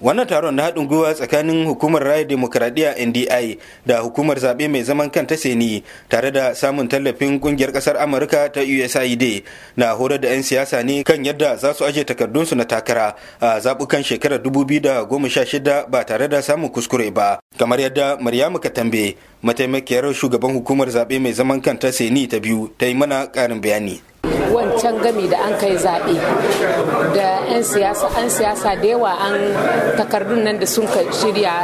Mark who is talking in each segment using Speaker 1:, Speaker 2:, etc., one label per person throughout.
Speaker 1: wannan taron na haɗin gwiwa tsakanin hukumar raya demokradiyya ndi da hukumar zaɓe mai zaman kanta seni tare da samun tallafin ƙungiyar ƙasar amurka ta usaid na horar da 'yan siyasa ne kan yadda za su aje takardunsu na takara a zaɓukan shekarar 2016 ba tare da samun kuskure ba kamar yadda maryamu katambe mataimakiyar shugaban hukumar zaɓe mai zaman kanta seni ta biyu ta yi mana ƙarin bayani
Speaker 2: wancan gami da an kai zaɓe da 'yan siyasa an siyasa da yawa an takardun nan da sun shirya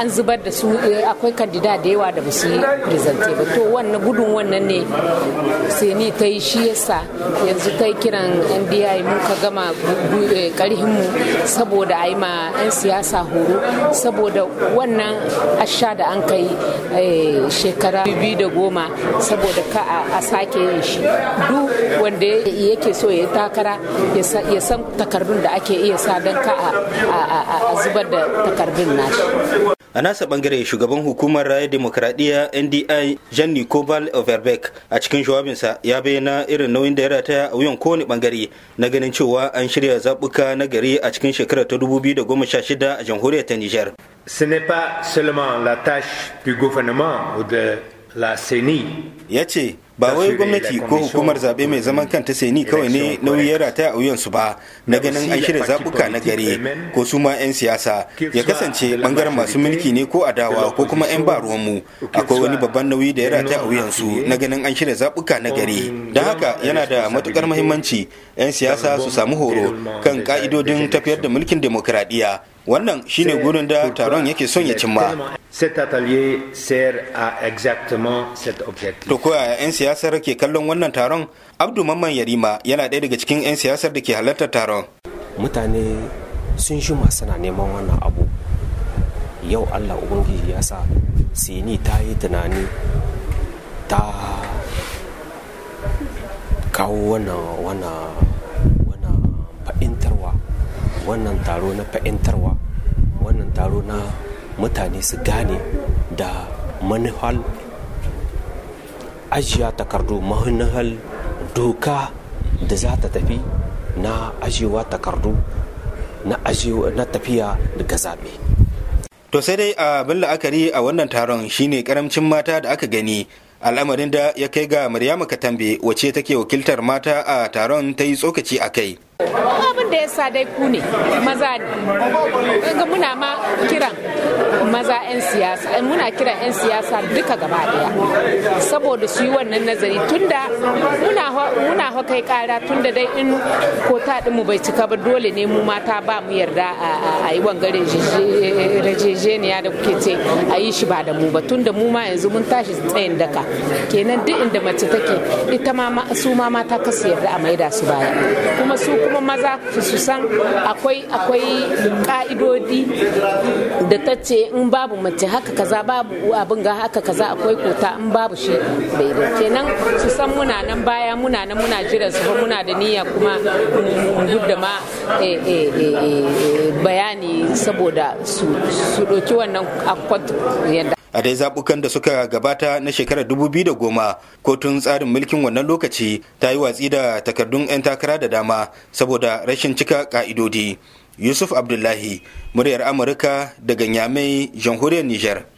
Speaker 2: an zubar da su akwai kandida da yawa da su yi rizante ba to wannan gudun wannan ne seni ta yi shi yasa yanzu ta yi kiran ndi mun ka gama eh, mu saboda a yi ma 'yan siyasa horo saboda wannan asha da an kai eh, shekara 2010 da goma saboda ka a sake yin shi duk wanda yake so ya takara ya san takardun da ake iya sa don ka a zubar da takardun nashi
Speaker 1: a nasa bangare shugaban hukumar raya demokradiyya ndi jean nicobal overbeck a cikin jawabinsa ya bayyana irin nauyin da ya rataya a wuyan kowane bangare na ganin cewa an shirya zaɓuka na gari a cikin shekarar ta 2016 a jamhuriyar ta niger ce n'est pas seulement la tâche du gouvernement ou de ya ce ba wai gwamnati ko hukumar zaɓe mai zaman kanta seni kawai ne nauyi ya a wuyansu ba na ganin an shirya zaɓuka na gari ko su ma 'yan siyasa ya kasance ɓangaren masu mulki ne ko adawa ko kuma 'yan ba mu akwai wani babban nauyi da ya rata a wuyansu na ganin an shirya zaɓuka na gari don haka yana da matukar muhimmanci 'yan siyasa su samu horo kan ƙa'idodin tafiyar da mulkin demokradiyya wannan shine gurin da taron yake son ya cimma To koya 'yan siyasar ke kallon wannan taron? Abdu Mamman Yarima yana ɗaya daga cikin 'yan siyasar da ke halartar taron. Mutane sun shi suna neman wannan abu. Yau Allah Ubangiji ya sa Sini ta yi tunani ta kawo wannan wannan taro na fa'intarwa wannan taro na mutane su gane da manufal ajiya takardu manufal doka da za ta tafi na ajiyewa takardu na tafiya daga zaɓe. To sai dai a bin la'akari a wannan taron shine karamcin mata da aka gani al'amarin da ya kai ga Maryama Katambe wacce take wakiltar mata a taron ta yi tsokaci a kai.
Speaker 2: abin da ya sa dai ku ne maza ne muna ma kiran maza 'yan siyasa eh, muna kiran 'yan siyasa duka gaba daya saboda su yi wannan nazari tunda muna hau kai kara tunda dai in kota mu bai cika ba dole ne mu mata ba mu yarda a yi wangare rajejeniya da kuke ce a yi shi ba da mu ba tunda mu ma yanzu mun tashi tsayin daka kenan duk inda mace take ita ma su ma mata kasu yarda a maida su baya kuma su kuma maza su san akwai akwai ka'idodi da ta ce in babu mace haka kaza babu abin ga haka kaza akwai kota in babu shi bai da kenan su san muna nan baya muna nan muna jiran su muna da niyya kuma mu da ma eh, eh, eh, bayani saboda su doki wannan yadda
Speaker 1: a dai zabukan da suka gabata na shekarar 2010 kotun tsarin mulkin wannan lokaci ta yi watsi da takardun 'yan takara da dama saboda rashin cika ka'idodi yusuf abdullahi muryar amurka daga nyamai jamhuriyar nijar.